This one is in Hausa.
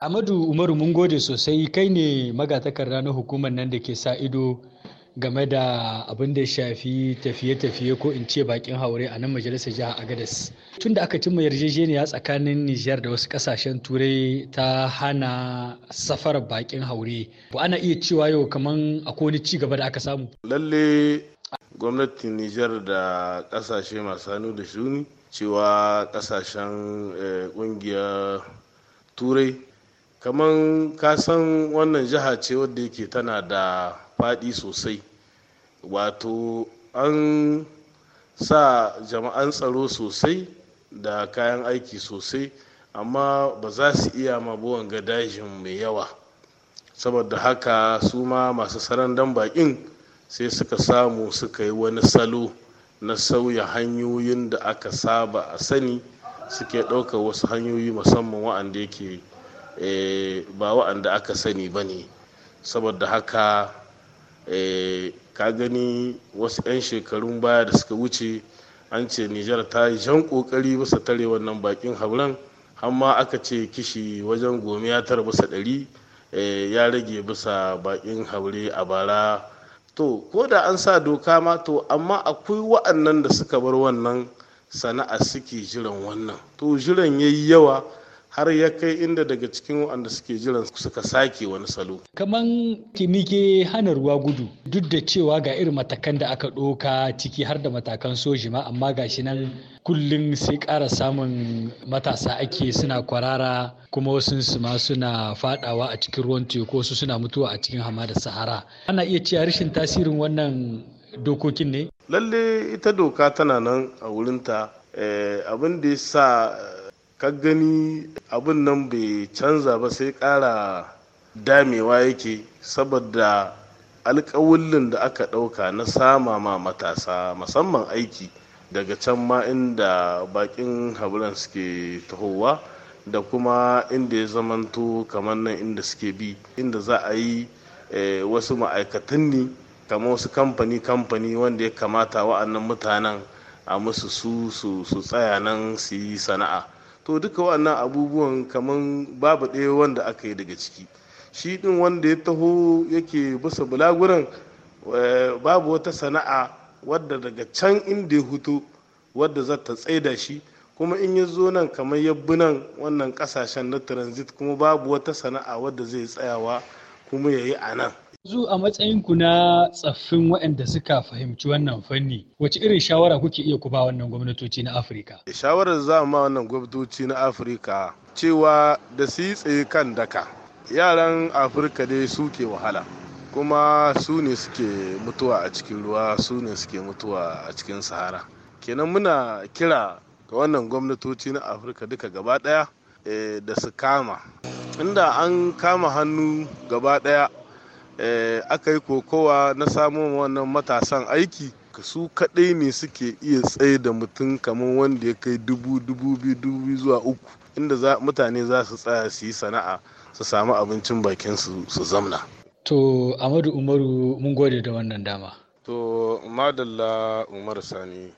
Amadu Umaru mun gode sosai kai ne magatakarda na hukumar nan da ke sa ido game da abin da shafi tafiye-tafiye ko in ce bakin haure a nan majalisar jihar Agadez. Tun da aka cimma yarjejeniya tsakanin Nijar da wasu kasashen turai ta hana safar bakin haure. Ba ana iya cewa yau kaman akwai wani ci gaba da aka samu. Lalle gwamnatin Nijar da kasashe masu hannu da shuni cewa kasashen kungiyar eh, turai kaman san wannan jiha ce wadda yake tana da faɗi sosai wato an sa jama'an tsaro sosai da kayan aiki sosai amma ba za su iya mabuwan gadajin mai yawa saboda haka su ma masu sarandan bakin sai suka samu suka yi wani salo na sauya hanyoyin da aka saba a sani suke ɗaukar wasu hanyoyi musamman wa'anda yake Eh, ba wa'anda aka sani ba ne saboda haka eh, ka gani wasu 'yan shekarun baya da suka wuce an ce nijar ta yi jan kokari bisa tare wannan bakin hauren hamma aka ce kishi wajen gomiya tara bisa ɗari eh, ya rage bisa bakin haure a bara to ko da an sa doka ma to amma akwai wa'annan da suka bar wannan sana'a suke jiran wannan to jiran yayi yawa har ya kai inda daga cikin wanda suke jiran suka sake wani salo. Kaman ke hana ruwa gudu duk da cewa ga irin matakan da aka ɗoka ciki har da matakan soji ma amma ga shi nan kullum sai ƙara samun matasa ake suna kwarara kuma wasu su ma suna fadawa a cikin ruwan teku wasu suna mutuwa a cikin hamada sahara. Ana iya cewa rashin tasirin wannan dokokin ne? Lalle ita doka tana nan a wurinta eh, abin da ya sa ka gani abin nan bai canza ba sai ƙara damewa yake saboda alkawullin da aka ɗauka na sama ma matasa musamman aiki daga can ma inda bakin haburan suke tahowa da kuma inda ya zamanto kamar nan inda suke bi inda za a yi eh, wasu ma'aikatan ne kamar wasu kamfani kamfani wanda ya kamata wa'annan mutanen a musu su su tsaya nan su yi sana'a to duka wannan abubuwan kamar babu ɗaya wanda aka yi daga ciki shi ɗin wanda ya taho yake bisa bulaguran eh, babu wata sana'a wadda daga can inda ya huto wadda za ta tsaida shi kuma in ya zo nan kamar yabbunan wannan kasashen na transit kuma babu wata sana'a wadda zai tsayawa kuma ya yi a nan. Yanzu a matsayin ku na tsaffin waɗanda suka fahimci wannan fanni, wace irin shawara kuke iya kuba ba wannan gwamnatoci na Afirka? Shawarar za ma wannan gwamnatoci na Afirka cewa da su yi tsaye kan daka. Yaran Afirka dai suke wahala. kuma su ne suke mutuwa a cikin ruwa su ne suke mutuwa a cikin sahara kenan muna kira ga wannan gwamnatoci na afirka duka gaba ɗaya eh, da su kama inda an kama hannu gaba ɗaya eh, aka yi kokowa na samo wannan matasan aiki su kaɗai ne suke iya tsaye da mutum kamar wanda ya kai dubu dubu biyu dubu zuwa uku inda mutane za su tsaya su yi sana'a su samu abincin bakin su su zamna to amadu umaru mun gode da wannan dama to madalla umar sani